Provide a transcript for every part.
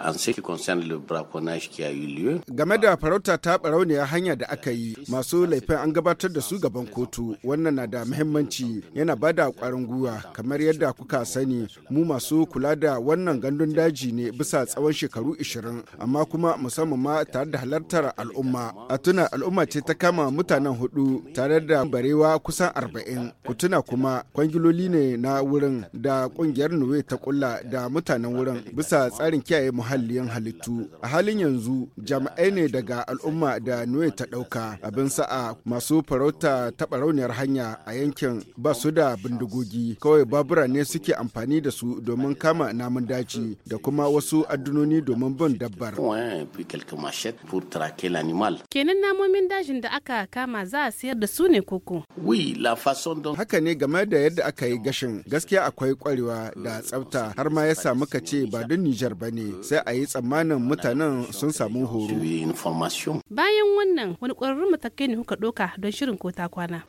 an le braconnage qui a lieu. Game da farauta ta barauniya hanya da aka yi masu laifin an gabatar da su gaban kotu wannan na da muhimmanci yana bada kwarin gwiwa kamar yadda kuka sani mu masu kula da wannan gandun daji ne bisa tsawon shekaru 20 amma kuma musamman ma tare da halartar al'umma a tuna al'umma ce ta kama mutanen hudu tare da barewa kusan 40 ku tuna kuma kwangiloli ne na wurin da kungiyar nuwe ta kulla da mutanen wurin bisa tsarin kiyaye muhalliyan halittu a halin yanzu jami'ai ne daga al'umma da nuwe ta ɗauka abin sa'a masu farauta ta barauniyar hanya a yankin ba su da bindigogi kawai babura ne suke amfani da su domin kama namun daji da kuma wasu addunoni domin bin dabbar kenan namomin dajin da aka kama za a sayar da su ne koko haka ne game da yadda aka yi gashin gaskiya akwai kwarewa da tsabta har ma ya samu ka ce ba don nijar ba ne sai kada a yi tsammanin mutanen sun samu horo. Bayan wannan wani ƙwararrun matakai ne kuka ɗauka don shirin ko ta kwana.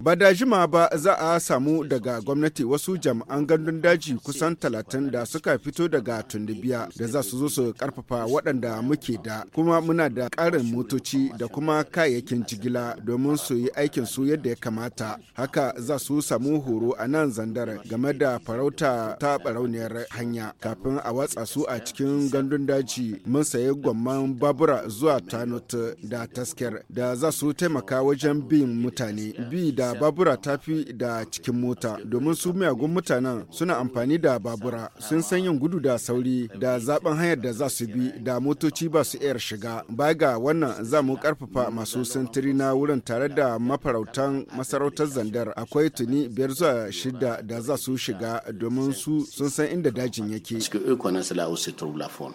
Ba da jima ba za a samu daga gwamnati wasu jami'an gandun daji kusan talatin da suka fito daga tundubiya da za su zo su karfafa waɗanda muke da kuma muna da ƙarin motoci da kuma kayayyakin jigila domin su yi aikin su yadda ya kamata haka za su samu horo a nan zandar game da farauta ta barauniyar hanya kafin a watsa su a cikin gandun daji mun sayi gwamman babura zuwa tanut da tasker da za su taimaka wajen bin mutane bi da babura fi da cikin mota domin su miyagun mutanen suna amfani da babura sun san yin gudu da sauri da zaben hanyar da za su bi da motoci ba su iya shiga ba ga wannan za mu karfafa masu sintiri na wurin tare da mafarautan masarautar zandar akwai tuni biyar zuwa shida da za su shiga domin su sun san inda dajin yake que eux connaissent là où se trouve la faune.